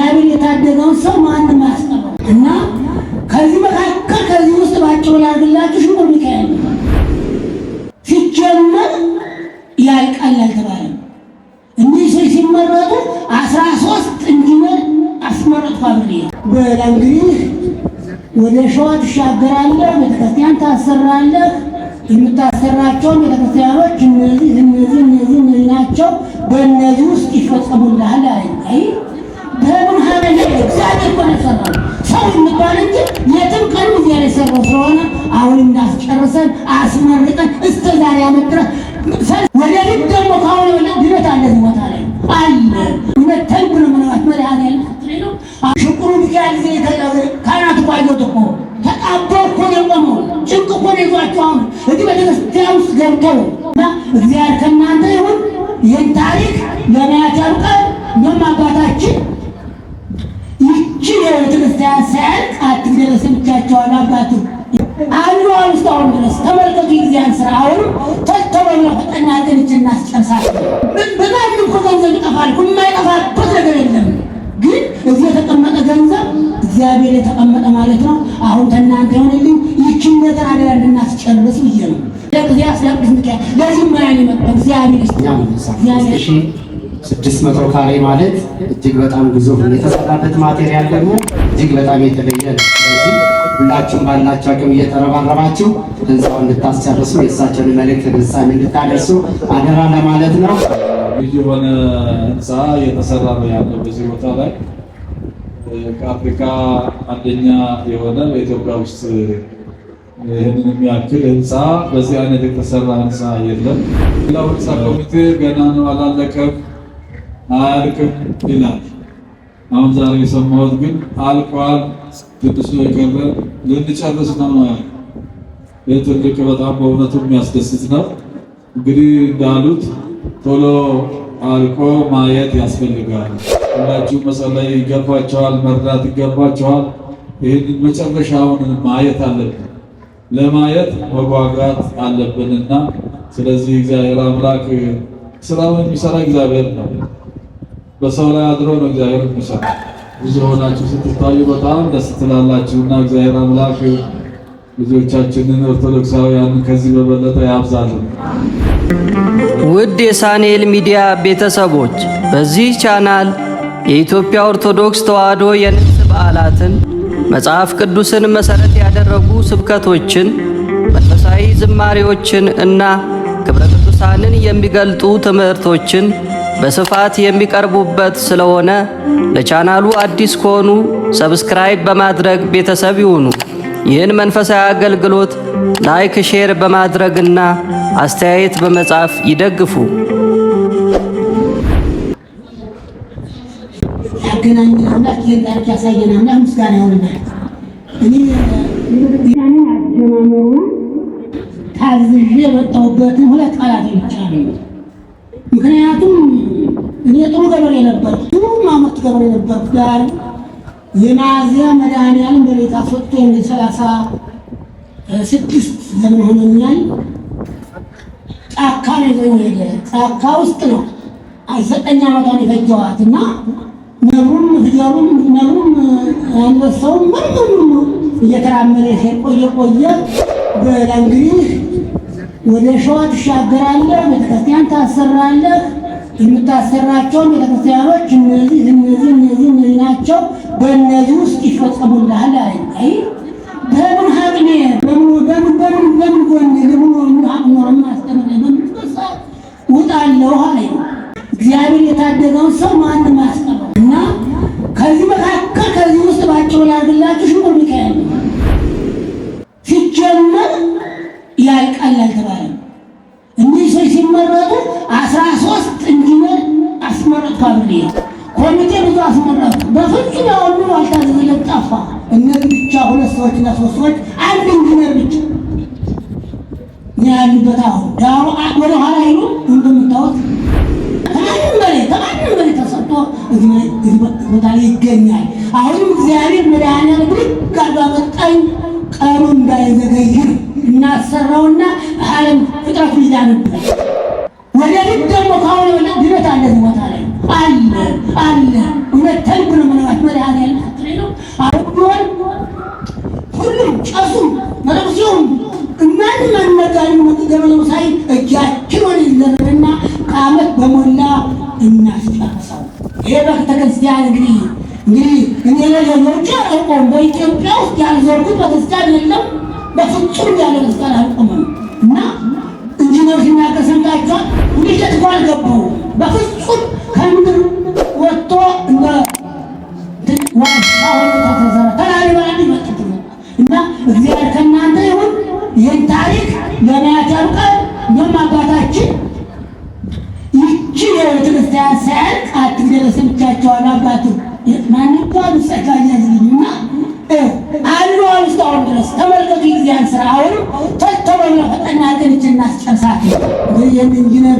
እግዚአብሔር የታደገውን ሰው ማንም አያስቀረው እና ከዚህ መካከል ከዚህ ውስጥ ባጭሩ ላድርግላችሁ። ሽሮ ሚካኤል ሲጀመር ያልቃል አልተባለም። እንዲህ ሰ ሲመረጡ አስራ ሶስት እንዲመር አስመረጥ ፋብሪ በላ እንግዲህ ወደ ሸዋ ትሻገራለህ፣ ቤተክርስቲያን ታሰራለህ። የምታሰራቸውን ቤተክርስቲያኖች እነዚህ እነዚህ እነዚህ ናቸው፣ በእነዚህ ውስጥ ይፈጸሙልሃል አይ በብርሃነ እግዚአብሔር እኮ ነው የሰራው። ሰው የሚባል እንጂ የትም ቀን እግዚአብሔር የሰራው ስለሆነ አሁን እንዳስጨርሰን አስመርቀን እስከ ዛሬ ያመጥረን ወደፊት ደግሞ ከአሁን የሆነ ድነት አለ ቦታ ላይ አለ እውነት ተንብ ነው ምንባት መድኃኔ ዓለም ነው ሽቁሩ ሚካኤል ጊዜ ካህናት እኮ አየሁት እኮ ተጣቦ እኮ ነው ጭንቅ እኮ ነው ይዟቸው አሁን እዚህ ቤተክርስቲያን ውስጥ ገብተው እና እግዚአብሔር ከእናንተ ይሁን ይህን ታሪክ ለማያት ያብቃል። ይህችን ቤተክርስቲያን ሳያልቅ አትግደለ ሰምቻቸዋል አባቱ አንዱ ውስጥ አሁን ድረስ ተመልከቱ። ጊዜያን ስራ አሁን ተተበሎ ፈጠና ገንጭ እናስጨርሳለን። በማንም ከገንዘብ ይጠፋል፣ የማይጠፋበት ነገር የለም። ግን እዚህ የተቀመጠ ገንዘብ እግዚአብሔር የተቀመጠ ማለት ነው። አሁን ተናንተ የሆነልኝ ይችን ነገር አደራ እንድናስጨርስ ብዬ ነው። ለዚህ ማያን ይመጣ እግዚአብሔር ስ ስድስት መቶ ካሬ ማለት እጅግ በጣም ግዙፍ የተሰራበት ማቴሪያል ደግሞ እጅግ በጣም የተለየ ነው። ስለዚህ ሁላችሁም ባላችሁ አቅም እየተረባረባችሁ ህንፃውን እንድታስጨርሱ የእሳቸውን መልእክት ፍጻሜ እንድታደርሱ አደራ ለማለት ነው። ልዩ የሆነ ህንፃ እየተሰራ ነው ያለው በዚህ ቦታ ላይ ከአፍሪካ አንደኛ የሆነ በኢትዮጵያ ውስጥ ይህንን የሚያክል ህንፃ በዚህ አይነት የተሰራ ህንፃ የለም። ሌላው ህንፃ ኮሚቴ ገና ነው አላለቀም። አያልቅም ይላል። አሁን ዛሬ የሰማሁት ግን አልቋል፣ ትንሽ ነው የቀረ፣ ልንጨርስ ነው ነው ይህ ትልቅ በጣም በእውነቱ የሚያስደስት ነው። እንግዲህ እንዳሉት ቶሎ አልቆ ማየት ያስፈልጋል። ሁላችሁ መጸለይ ይገባቸዋል፣ መርዳት ይገባቸዋል። ይህንን መጨረሻውን ማየት አለብን፣ ለማየት መጓጓት አለብንና ስለዚህ እግዚአብሔር አምላክ ስራውን የሚሰራ እግዚአብሔር ነው። በሰው ላይ አድሮ ነው እግዚአብሔር የሚሰራ። ብዙ ሆናችሁ ስትታዩ በጣም ደስ ትላላችሁ እና እግዚአብሔር አምላክ ልጆቻችንን ኦርቶዶክሳውያንን ከዚህ በበለጠ ያብዛልን። ውድ የሳንኤል ሚዲያ ቤተሰቦች በዚህ ቻናል የኢትዮጵያ ኦርቶዶክስ ተዋሕዶ የንስ በዓላትን መጽሐፍ ቅዱስን መሠረት ያደረጉ ስብከቶችን፣ መንፈሳዊ ዝማሬዎችን እና ክብረ ቅዱሳንን የሚገልጡ ትምህርቶችን በስፋት የሚቀርቡበት ስለሆነ ለቻናሉ አዲስ ከሆኑ ሰብስክራይብ በማድረግ ቤተሰብ ይሁኑ። ይህን መንፈሳዊ አገልግሎት ላይክ፣ ሼር በማድረግና አስተያየት በመጻፍ ይደግፉ። ታዝዤ የመጣሁበትን ሁለት ቃላት ይቻለ ምክንያቱም እኔ ጥሩ ገበሬ ነበር፣ ጥሩ ማመት ገበሬ ነበር። ጋር የማዚያ መድኃኒዓለም በሬታ ሰጥቶ ሰላሳ ስድስት ዘመን ሆኖኛል። ጫካ ነው ይዞኝ ሄደ። ጫካ ውስጥ ነው ዘጠኝ ዓመቷን የፈጀዋት እና ነብሩም ፍየሉም ነብሩም አንበሳውም ምንም እየተራመደ ቆየ ቆየ። እንግዲህ ወደ ሸዋ ትሻገራለህ ታሰራለህ። የምታሰራቸውን ቤተክርስቲያኖች እነዚህ እነዚህ እነዚህ እነዚህ ናቸው፣ በእነዚህ ውስጥ ይፈጸሙልሃል አለኝ። አይ በምን ሀቅሜ በምን በምን በምን ጎኔ ለምን ሀቅኖርም አስተምረ በምትበሳ ውጣለሁ አለኝ። እግዚአብሔር የታደገውን ሰው ማንም አያስጠላው እና ከዚህ መካከል ከዚህ ውስጥ ባጭሩ ያድርግላችሁ። ሽሙር ሚካኤል ሲጀመር ያልቃል አልተባለም። አስራ ሶስት እንዲመር አስመረጥኩ አብሬ ኮሚቴ ብዙ አስመረጥኩ። በፍጹም ያወሉ አልታዘዘለት ጠፋ። እነዚህ ብቻ ሁለት ሰዎች እና ሶስት ሰዎች አንድ እንዲመር ብቻ ያሉበት አሁን ዳሩ ወደ ኋላ ይሉ እንደምታወት ከማንም በላይ ከማንም በላይ ተሰጥቶ ቦታ ላይ ይገኛል። አሁንም እግዚአብሔር መድኃኒዓለም ብድግ አድርጎ አመጣኝ። ቀኑ እንዳይዘገይር እናሰራውና ዓለም ፍጥረት ይዛንበት ወደፊት ደግሞ ከአሁን የበለጠ ድነት አለ ቦታ ላይ አለ አለ። እውነት ተልኩ ነው ምናባት መድኃኔ ዓለም አሁን ሁሉም ጨሱ መጠቅሲውም እናንም አነጋሪ መጥገበለው ሳይ እጃችን ወደ ይዘንና ከአመት በሞላ እናስጨርሰው። ይሄ ቤተክርስቲያን እንግዲህ እንግዲህ እኔ ለጀመርቼ አልቆም በኢትዮጵያ ውስጥ ያልዘርኩት ቤተክርስቲያን የለም። በፍጹም ያለ ቤተክርስቲያን አልቆምም እና ኢንጂነር ሲናገር ሰምታችኋል። ገነት እንኳን ገቡ በፍጹም ከምድር ወጥቶ እንደ እና እግዚአብሔር ከእናንተ ይሁን። ይህን ታሪክ ለማየት ያብቃል። እኛም አባታችን ይቺ ቤተክርስቲያን ሳያልቅ አትግደረስ ብቻቸዋል አባቱ ማንኳን ጸጋኛ ዝልኝና አሉ አሁን ድረስ ተመልከቱ። ጊዜያን ስራ አሁንም ነው ፈጠና ገንጅ እናስጨርሳት የኢንጂነር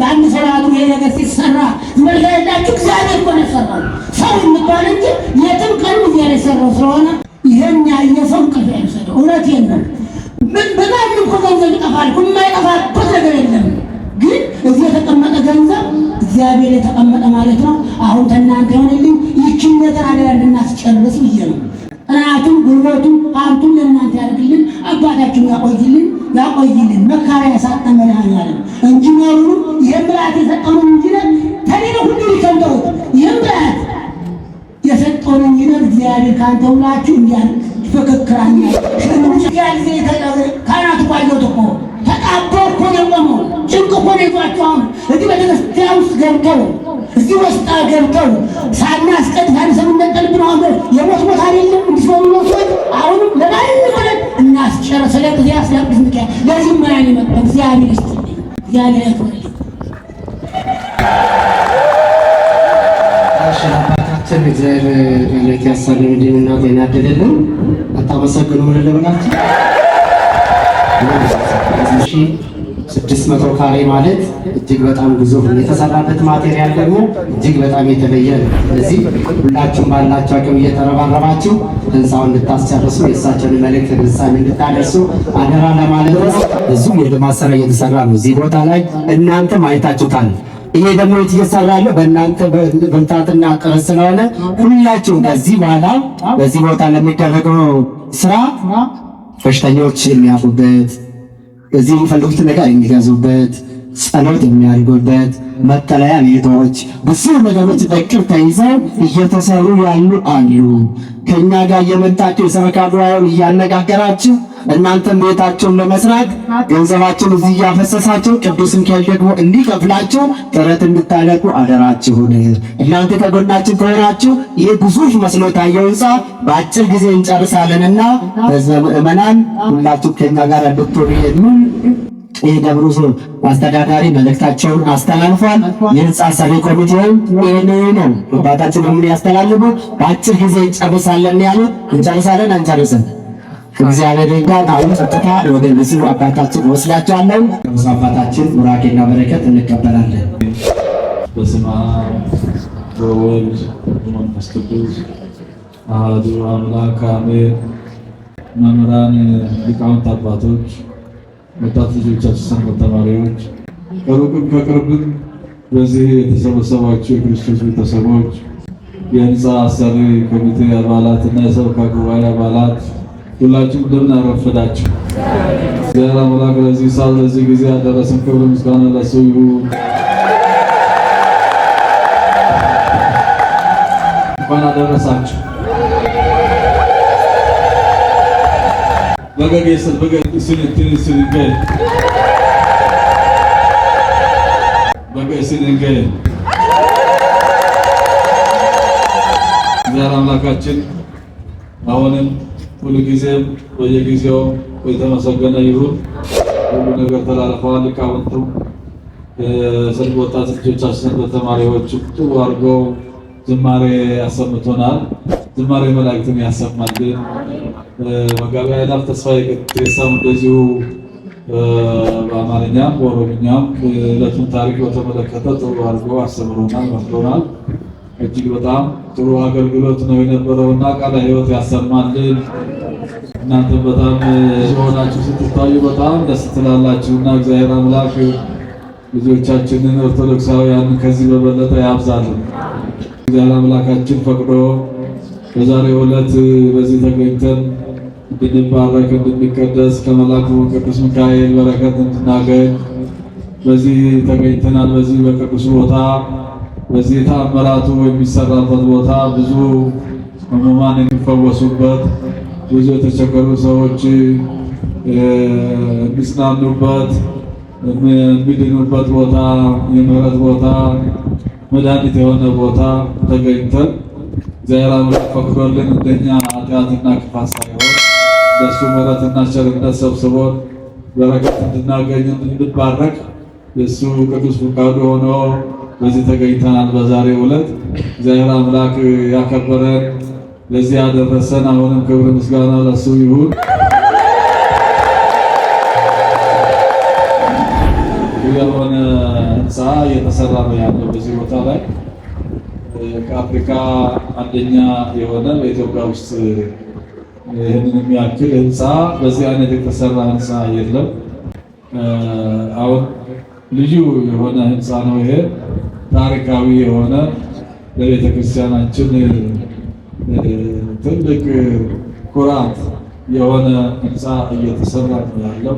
በአንድ ሰዓቱ ይሄ ነገር ሲሰራ መላ እግዚአብሔር እኮ ነው የሰራው ሰው የሚባል እንጂ የትም ቀን እግዚአብሔር የሰራው ስለሆነ ይሄን ያየ ሰው ቅፍ አይሰደው። እውነት የለም በማንም እኮ ገንዘብ ይጠፋል፣ የማይጠፋበት ነገር የለም። ግን እዚህ የተቀመጠ ገንዘብ እግዚአብሔር የተቀመጠ ማለት ነው። አሁን ከእናንተ የሆነልኝ ይችን ነገር አደራ እንድናስጨርስ ብዬ ነው። ጥናቱም ጉልበቱም ሀብቱም ለእናንተ ያደርግልን፣ አባታችን ያቆይልን። ያቆይልን። መካሪያ ሳጣ መድኃኒዓለም እንጂነሩ ይህን ብልሃት የሰጠውን ኢንጂነር ተሌለ ሁሉ ይከምጠሩት። ይህን ብልሃት የሰጠውን ኢንጂነር እግዚአብሔር ከአንተ ሁላችሁ እንዲያን ትፈክክራኛ ያ ጊዜ ካህናት ኳየት እኮ ተጣቦ እኮ የቆመው ጭንቅ እኮ ይዟቸው እዚህ ቤተክርስቲያን ውስጥ ገብተው እዚህ ውስጥ ገብተው ሳናስቀድሳን ሰምነጠልብን የሞት ቦታ አይደለም እንዲሰሙ ሞት አሁንም ለማንም እናስጨረ ስለ ጊዜ አስዳቅስ ምቀ ለዚህ ማያን ይመጣ እግዚአብሔር ይስጥልኝ። እግዚአብሔር ያክብርልኝ። አባታችን እግዚአብሔር ለዚህ ያሳለ ምንድን እና ጤና ያደለልን አታመሰግኑ ስድስት መቶ ካሬ ማለት እጅግ በጣም ግዙፍ የተሰራበት ማቴሪያል ደግሞ እጅግ በጣም የተለየ ነው። ስለዚህ ሁላችሁም ባላችሁ አቅም እየተረባረባችሁ ህንፃውን እንድታስጨርሱ የእሳቸውን መልእክት ንሳን እንድታደርሱ አደራ ለማለት ነው። ብዙ የልማት ስራ እየተሰራ ነው እዚህ ቦታ ላይ እናንተም አይታችሁታል። ይሄ ደግሞ እየተሰራ ያለው በእናንተ ብርታትና ጥረት ስለሆነ ሁላችሁም ከዚህ በኋላ በዚህ ቦታ ለሚደረገው ስራ በሽተኞች የሚያፉበት እዚህ የሚፈልጉትን ነገር የሚገዙበት፣ ጸሎት የሚያደርጉበት፣ መጠለያ ቤቶች፣ ብዙ ነገሮች በቅር ተይዘው እየተሰሩ ያሉ አሉ። ከእኛ ጋር የመጣችሁ የሰበካ ጉባኤውን እያነጋገራችሁ እናንተም ቤታችሁን ለመስራት ገንዘባችሁን እዚህ እያፈሰሳችሁ ቅዱስ ሚካኤል ደግሞ እንዲከፍላችሁ ጥረት እንድታደርጉ አደራችሁን። እናንተ ከጎናችን ከሆናችሁ ይህ ግዙፍ መስሎ ታየው ሕንፃ በአጭር ጊዜ እንጨርሳለንና በዛ ምእመናን ሁላችሁ ከእኛ ጋር እንድትሆኑ የሚል የደብሩ አስተዳዳሪ መልእክታቸውን አስተላልፏል። የህንፃ ሰሪ ኮሚቴውም ይህን ነው መባታችን በምን ያስተላልፉ በአጭር ጊዜ እንጨርሳለን ያሉት እንጨርሳለን አንጨርስም እግዚአብሔር ጋር አሁን ጸጥታ ወደ ንስ አባታችን ወስዳቸዋለን። ከብዙ አባታችን ቡራኬና በረከት እንቀበላለን። በስመ አብ ወወልድ ወመንፈስ ቅዱስ አሐዱ አምላክ አሜን። መምህራን ሊቃውንት አባቶች ወጣት ልጆቻችን ተማሪዎች፣ ከሩቅም ከቅርብም በዚህ የተሰበሰባቸው የክርስቶስ ቤተሰቦች፣ የህንፃ አሰሪ ኮሚቴ አባላት እና የሰበካ ጉባኤ አባላት ሁላችሁም እንደምን አረፈዳችሁ። እግዚአብሔር አምላክ ለዚህ ሰዓት ለዚህ ጊዜ ያደረሰን ክብር ምስጋና ለእሱ ይሁን። እንኳን አደረሳችሁ። bagageessan baga isin ittin isin gaye baga isin gaye ዛር አምላካችን አሁንም ሁሉ ጊዜም በየጊዜው የተመሰገነ ይሁን። ሁሉ ነገር ተላልፈዋል። ሊቃውንቱ ስል ወጣት ልጆቻችንን በተማሪዎች ጥሩ አድርገው ዝማሬ ያሰምቶናል። ዝማሬ መላእክትን ያሰማልን። መጋቢ ኃይላፍ ተስፋዬ ቀጤሳም እንደዚሁ በአማርኛም በኦሮምኛም ዕለቱን ታሪክ በተመለከተ ጥሩ አድርጎ አስተምሮናል፣ መክሮናል። እጅግ በጣም ጥሩ አገልግሎት ነው የነበረውና ቃለ ሕይወት ያሰማልን። እናንተም በጣም የሆናችሁ ስትታዩ በጣም ደስ ትላላችሁና እግዚአብሔር አምላክ ልጆቻችንን ኦርቶዶክሳውያን ከዚህ በበለጠ ያብዛልን። እግዚአብሔር አምላካችን ፈቅዶ በዛሬ ዕለት በዚህ ተገኝተን እንድንባረክ እንድንቀደስ ከመላኩ ቅዱስ ሚካኤል በረከት እንድናገኝ በዚህ ተገኝተናል። በዚህ በቅዱስ ቦታ በዚህ ተአምራቱ የሚሰራበት ቦታ ብዙ ሕሙማን የሚፈወሱበት፣ ብዙ የተቸገሩ ሰዎች የሚጽናኑበት፣ የሚድኑበት ቦታ የምሕረት ቦታ መድኃኒት የሆነ ቦታ ተገኝተን እግዚአብሔር አምላክ ፈቅዶልን እንደኛ ኃጢአትና ክፋት ሳይሆን እንደሱ ምሕረትና ቸርነት ሰብስቦን በረከት እንድናገኝ እንድንባረክ የእሱ ቅዱስ ፈቃዱ ሆኖ በዚህ ተገኝተናል። በዛሬው ዕለት እግዚአብሔር አምላክ ያከበረን ለዚህ ያደረሰን፣ አሁንም ክብር ምስጋና ለሱ ይሁን። የሆነ ህንፃ እየተሰራ ነው ያለው በዚህ ቦታ ላይ ከአፍሪካ አንደኛ የሆነ በኢትዮጵያ ውስጥ ይህንን የሚያክል ህንፃ በዚህ አይነት የተሰራ ህንፃ የለም። አሁን ልዩ የሆነ ህንፃ ነው ይሄ ታሪካዊ የሆነ ለቤተክርስቲያናችን ትልቅ ኩራት የሆነ ህንፃ እየተሰራ ያለው።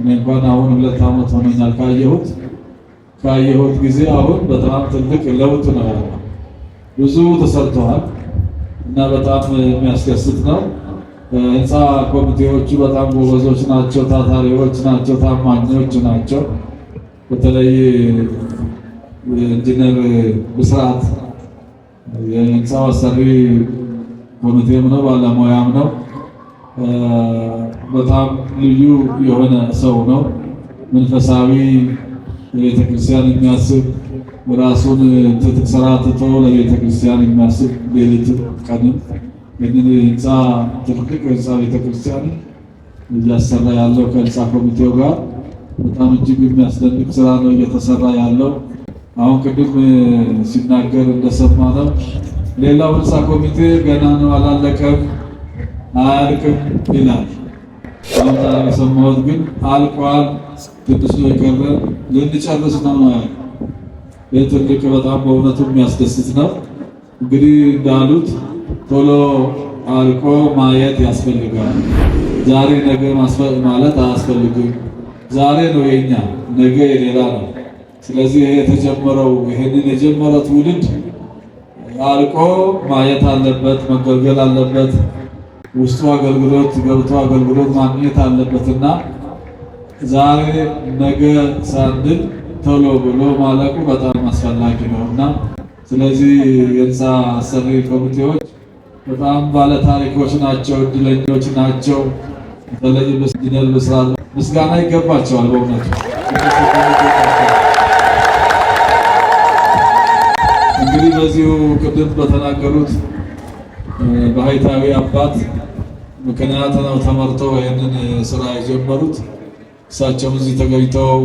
እኔ እንኳን አሁን ሁለት ዓመት ሆነኛል ካየሁት ካየሁት ጊዜ አሁን በጣም ትልቅ ለውጥ ነው ያለው። ብዙ ተሰርተዋል እና በጣም የሚያስደስት ነው። ህንፃ ኮሚቴዎቹ በጣም ጎበዞች ናቸው፣ ታታሪዎች ናቸው፣ ታማኞች ናቸው። በተለይ ኢንጂነር ብስራት የህንፃው አሰሪ ኮሚቴም ነው፣ ባለሙያም ነው። በጣም ልዩ የሆነ ሰው ነው። መንፈሳዊ ቤተክርስቲያን የሚያስብ ራሱን ስራ ትቶ ለቤተ ክርስቲያን የሚያስብ ሌሊትም ቀንም ይህንን ህንፃ ትልቅቅ ህንፃ ቤተ ክርስቲያን እያሰራ ያለው ከህንፃ ኮሚቴው ጋር በጣም እጅግ የሚያስደንቅ ስራ ነው እየተሰራ ያለው። አሁን ቅድም ሲናገር እንደሰማ ነው። ሌላው ህንፃ ኮሚቴ ገና ነው አላለቀም፣ አያልቅም ይላል። አሁን የሰማሁት ግን አልቋል፣ ትንሽ ነው የቀረ፣ ልንጨርስ ነው ነው ይህ ትልቅ በጣም በእውነቱ የሚያስደስት ነው። እንግዲህ እንዳሉት ቶሎ አልቆ ማየት ያስፈልጋል። ዛሬ ነገ ማለት አያስፈልግም። ዛሬ ነው የኛ፣ ነገ የሌላ ነው። ስለዚህ ይሄ የተጀመረው ይህንን የጀመረ ትውልድ አልቆ ማየት አለበት፣ መገልገል አለበት፣ ውስጡ አገልግሎት ገብቶ አገልግሎት ማግኘት አለበትና ዛሬ ነገ ሳንል ቶሎ ብሎ ማለቁ በጣም አስፈላጊ ነው እና ስለዚህ የህንፃ ሰሪ ኮሚቴዎች በጣም ባለታሪኮች ናቸው፣ እድለኞች ናቸው። በተለይ ኢንጂነር ብስራት ምስጋና ይገባቸዋል በእውነቱ እንግዲህ በዚሁ ቅድም በተናገሩት በሀይታዊ አባት ምክንያት ነው ተመርተው ይህንን ስራ የጀመሩት። እሳቸውም እዚህ ተገኝተው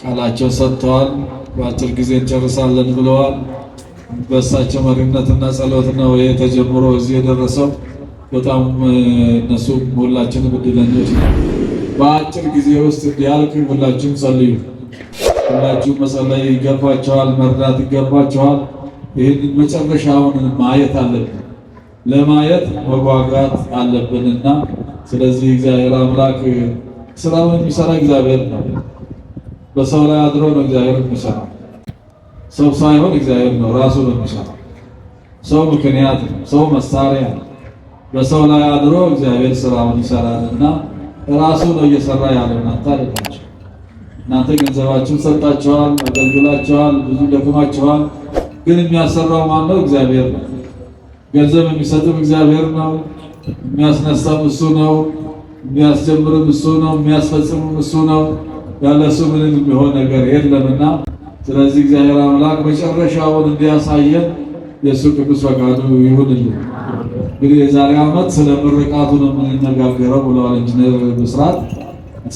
ቃላቸው ሰጥተዋል። በአጭር ጊዜ እንጨርሳለን ብለዋል። በእሳቸው መሪነትና ነው ወይ ተጀምሮ እዚህ የደረሰው በጣም እነሱ ሁላችንም እድለኞች ነው። በአጭር ጊዜ ውስጥ እንዲያልቅ ሁላችሁም ጸልዩ። ሁላችሁም መጸለይ ይገባቸዋል፣ መርዳት ይገባቸዋል። ይህን መጨረሻውን ማየት አለብን፣ ለማየት መጓጓት አለብንና ስለዚህ እግዚአብሔር አምላክ ስራውን የሚሰራ እግዚአብሔር ነው። በሰው ላይ አድሮ ነው እግዚአብሔር የሚሰራው። ሰው ሳይሆን እግዚአብሔር ነው ራሱ ነው የሚሰራው። ሰው ምክንያት ነው፣ ሰው መሳሪያ ነው። በሰው ላይ አድሮ እግዚአብሔር ስራውን ይሰራልና ራሱ ነው እየሰራ ያለው። እናንተ አይደላችሁ። እናንተ ገንዘባችሁን ሰጣችኋል፣ አገልግላችኋል፣ ብዙ ደክማችኋል። ግን የሚያሰራው ማን ነው? እግዚአብሔር ነው። ገንዘብ የሚሰጥም እግዚአብሔር ነው። የሚያስነሳም እሱ ነው። የሚያስጀምርም እሱ ነው። የሚያስፈጽምም እሱ ነው። ያለ እሱ ምንም የሚሆን ነገር የለምና፣ ስለዚህ እግዚአብሔር አምላክ መጨረሻውን እንዲያሳየን የእሱ ቅዱስ ፈቃዱ ይሁንልን። እንግዲህ የዛሬ ዓመት ስለ ምርቃቱ ነው የምንነጋገረው ብለዋል ኢንጂነር ብስራት።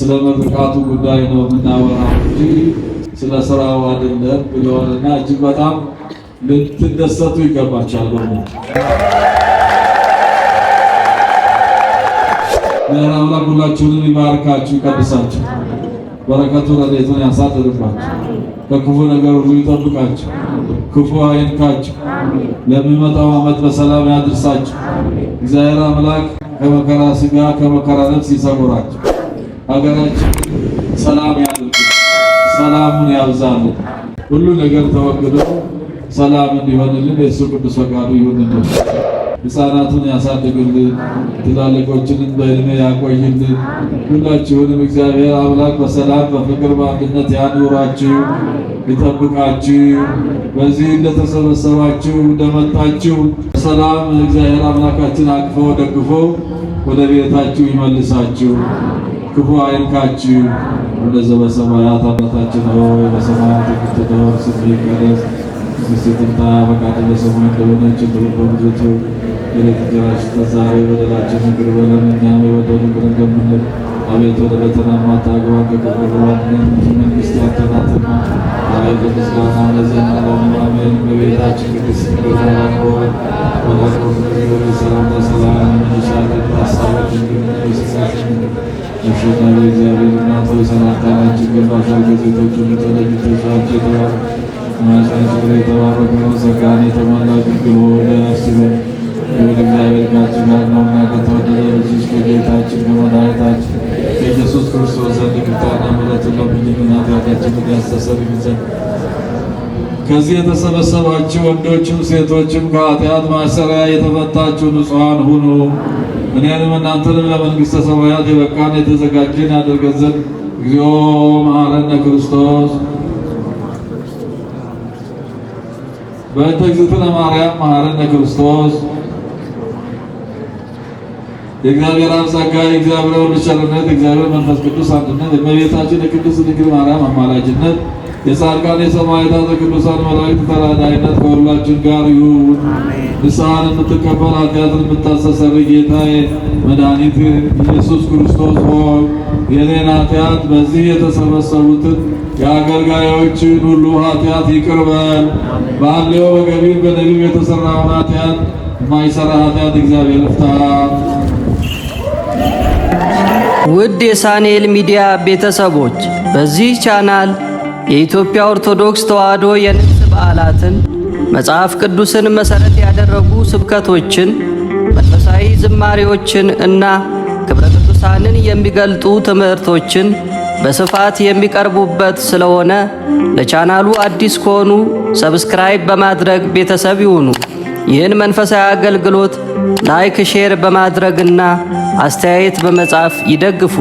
ስለ ምርቃቱ ጉዳይ ነው የምናወራው እንጂ ስለ ስራው አይደለም ብለዋልና እጅግ በጣም ልትደሰቱ ይገባቻል። በሙ ምህር አምላክ ሁላችሁንም ይባርካችሁ ይቀድሳችሁ። በረከቱ ረድኤቱን ያሳድርባቸው፣ ከክፉ ነገር ሁሉ ይጠብቃችሁ ክፉ አይንካችሁ ለሚመጣው ዓመት በሰላም ያድርሳችሁ። እግዚአብሔር አምላክ ከመከራ ስጋ ከመከራ ነፍስ ይሰውራቸው። ሀገራችን ሰላም ያድርግ፣ ሰላሙን ያብዛልን። ሁሉ ነገር ተወግዶ ሰላም እንዲሆንልን የእሱ ቅዱስ ፈቃዱ ይሁንልን። ሕፃናቱን ያሳድግልን፣ ትላልቆችንም በእድሜ ያቆይልን። ሁላችሁንም እግዚአብሔር አምላክ በሰላም በፍቅር በአንድነት ያኑራችሁ፣ ይጠብቃችሁ። በዚህ እንደተሰበሰባችሁ እንደመጣችሁ ሰላም እግዚአብሔር አምላካችን አቅፎ ደግፎ ወደ ቤታችሁ ይመልሳችሁ፣ ክፉ አይንካችሁ። በሰማያት አባታችን ሆይ በሰማያት የምትኖር ስምህ ይቀደስ፣ ምስጢርህ ይታወቅ፣ ፈቃድህ በሰማይ እንደሆነች እንዲሁም በምድር ከዛሬ በደላችን ይቅር በለን እኛም የበደሉንን እንደምንል። አቤቱ ወደ ፈተናም አታግባን ከክፉ መንግሥት ያንተ ናትና። አቤቱ ምስጋና ለዘላለሙ አሜን። እመቤታችን ቅድስት ድንግል ሆይ ሰላምታ ሰላም እንልሻለን። ሀሳባችን ግን ስሳችን አሸናፊ እግዚአብሔር እናት ሆይ ሰላምታ አንቺ ይገባሻል። ከሴቶች ሁሉ ተለይተሽ አንቺ የተባረክሽ የተባረከ ድንግል ሆይ አስበን ወደ እግዚአብሔር ጋር ናትና ከተወደደ ልጅሽ ከጌታችን በመድኃኒታችን የኢየሱስ ክርስቶስ ዘንድ ይቅርታና ምሕረት ሁሉን ኃጢአታችንን ያስተሰርይ ዘንድ ከዚህ የተሰበሰባችሁ ወንዶችም ሴቶችም ከኃጢአት ማሰሪያ የተፈታችሁ ንጹሐን ሁኑ። እኔንም እናንተንም ለመንግሥተ ሰማያት የበቃን የተዘጋጀን ያደርገን ዘንድ እግዚኦ መሐረነ ክርስቶስ በእንተ እግዝእትነ ማርያም መሐረነ ክርስቶስ የእግዚአብሔር አብ ጸጋ የእግዚአብሔር ወልድ ቸርነት የእግዚአብሔር መንፈስ ቅዱስ አንድነት የእመቤታችን የቅድስት ድንግል ማርያም አማላጅነት የጻድቃን የሰማዕታት የቅዱሳን መላእክት ተራዳኢነት ከሁላችን ጋር ይሁን። ንስሐን የምትቀበል ኃጢአትን የምታስተሰርይ ጌታዬ መድኃኒት ኢየሱስ ክርስቶስ ሆይ የኔን ኃጢአት በዚህ የተሰበሰቡትን የአገልጋዮችን ሁሉ ኃጢአት ይቅር በል። በሐሌው በገቢር በነቢብ የተሰራውን ኃጢአት የማይሰራ ኃጢአት እግዚአብሔር ፍታ። ውድ የሳንኤል ሚዲያ ቤተሰቦች በዚህ ቻናል የኢትዮጵያ ኦርቶዶክስ ተዋሕዶ የንግስ በዓላትን፣ መጽሐፍ ቅዱስን መሠረት ያደረጉ ስብከቶችን፣ መንፈሳዊ ዝማሬዎችን እና ክብረ ቅዱሳንን የሚገልጡ ትምህርቶችን በስፋት የሚቀርቡበት ስለሆነ ለቻናሉ አዲስ ከሆኑ ሰብስክራይብ በማድረግ ቤተሰብ ይሁኑ። ይህን መንፈሳዊ አገልግሎት ላይክ፣ ሼር በማድረግና አስተያየት በመጻፍ ይደግፉ።